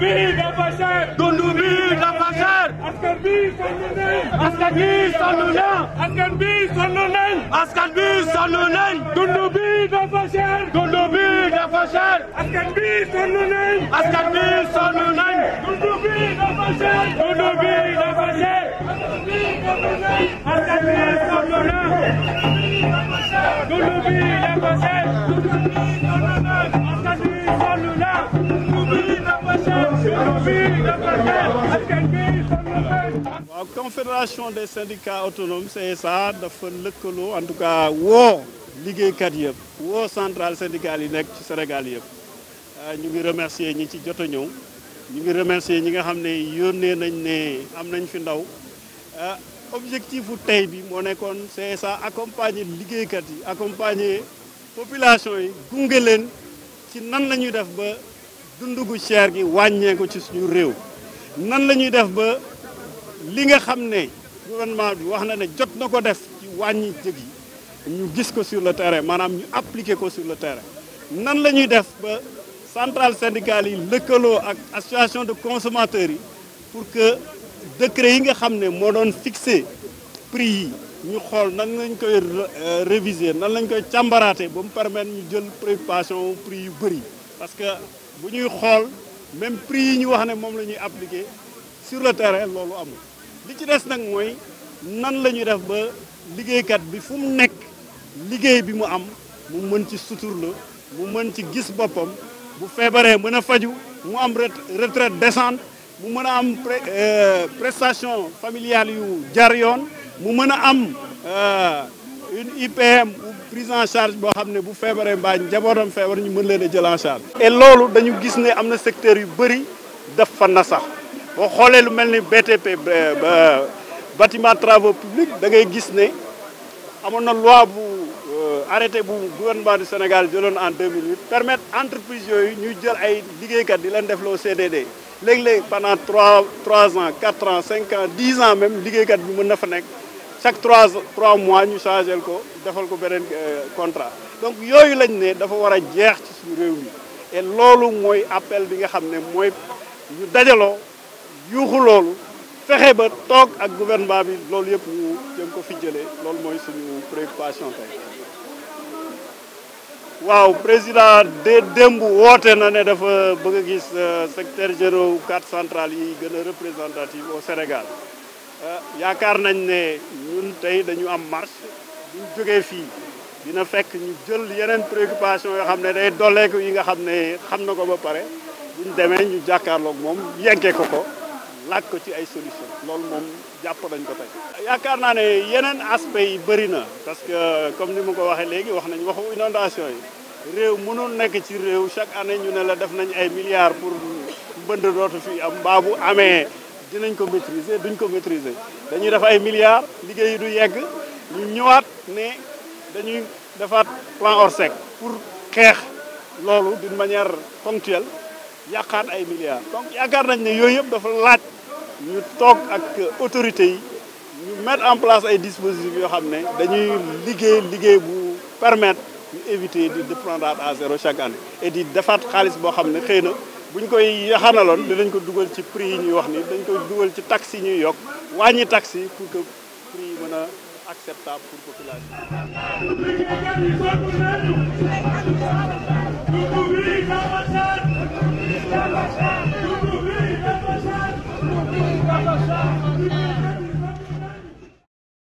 bi dafa cher. dund bi dafa cher. askan bi sonn nañ. askan bi sonn na. askan bi sonn nañ. askan bi sonn nañ. dund bi dafa cher. dund bi dafa cher. askan bi sonn nañ. askan bi sonn nañ. dund bi dafa cher. dund bi dafa cher. askan bi sonn nañ. askan bi sonn na. dund bi dafa cher. dund bi dafa cher. waaw confédération des syndicats autonomes CSA dafa lëkkaloo en tout cas woo liggéeykat yëpp woo central syndicale yi nekk ci Sénégal yëpp euh, ñu ngi remercier ñi ci jot a ñëw ñu ngi remercier ñi nga xam ne yónnee nañ ne am nañ fi ndaw euh, objectif u tey bi moo nekkoon CSA accompagner liggéeykat yi accompagner population yi gunge leen ci nan la ñuy def ba dund gu cher gi wàññeeku ci suñu réew nan la ñuy def ba li nga xam ne gouvernement bi wax na ne jot na ko def ci wàññi jëg yi ñu gis ko sur le terrain maanaam ñu appliquer ko sur le terrain nan la ñuy def ba centrale syndicale yi lëkkaloo ak association de consommateurs yi pour que décret yi nga xam ne moo doon fixé prix yi ñu xool nan lañ koy euh, réviser nan lañ koy càmbaraatee ba mu permettre ñu jël préoccupation prix yu bëri parce que bu ñuy xool même prix yi ñu wax ne moom la ñuy appliqué sur le terrain loolu amul li ci des nag mooy nan la ñuy def ba liggéeykat bi fu mu nekk liggéey bi mu am mu mën ci suturla mu mën ci gis boppam bu feebaree mën a faju mu am retraite décente mu mën a am euh, prestation familiale yu jar yoon mu mën a am euh, une IPM prise en charge boo xam ne bu feebaree mbaa njabootam feebar ñu mën leen a jël en charge. et loolu dañu gis ne am na secteur yu bëri def fa na sax boo xoolee lu mel ni BTP batiment travaux publics da ngay gis ne amoon na loi bu euh, arrêté bu gouvernement du Sénégal jëloon en 2008 permettre entreprise yooyu ñuy jël ay liggéeykat di leen def loo CDD léeg-léeg pendant trois trois ans quatre ans cinq ans dix ans même liggéeykat bi mën na fa nekk. chaque trois trois mois ñu changé ko defal ko beneen euh, contrat donc yooyu lañ ne dafa war a jeex ci suñu réew mi loolu mooy appel bi nga xam ne mooy ñu dajaloo yuuxu loolu fexe ba toog ak gouvernement bi loolu yëpp ñu jëm ko fi jëlee loolu mooy suñu préoccupation tey waaw président de démb woote na ne dafa bëgg a gis euh, secteur général quatre centrales yi gën a représentative au Sénégal Euh, yaakaar nañ ne ñun tey dañu am marche bu ñu jógee fii dina fekk ñu jël yeneen préoccupation yoo xam ne day dolleeku yi nga xam ne xam na ko ba pare bu ñu demee ñu jàkkaarloog moom yeggee ko ko laaj ko ci ay solution loolu moom jàpp nañ ko tey. yaakaar naa ne yeneen aspect yi bëri na parce que comme ni mu ko waxee léegi wax nañ waxu inondation yi réew mënul nekk ci réew chaque année ñu ne la def nañ ay milliards pour mbënd dootu fi am mbaa bu amee. dinañ ko maîtriser duñ ko maîtriser dañuy def ay milliards liggéey yi du yegg ñu ñëwaat ne dañuy defaat plan Orsec pour xeex loolu d'une manière ponctuelle yàqaat ay milliards. donc yaakaar nañ ne yooyu yëpp dafa laaj ñu toog ak autorités yi ñu mettre en place ay dispositifs yoo xam ne dañuy liggéey liggéey bu permettre ñu éviter di de prendre à zéro chaque année et di defaat xaalis boo xam ne xëy na. buñ koy yaxanaloon dinañ ko dugal ci prix yi ñuy wax ni dañ koy dugal ci taxes yi ñuy yokk wàññi taxes yi pour que prix yi mën a acceptable pour population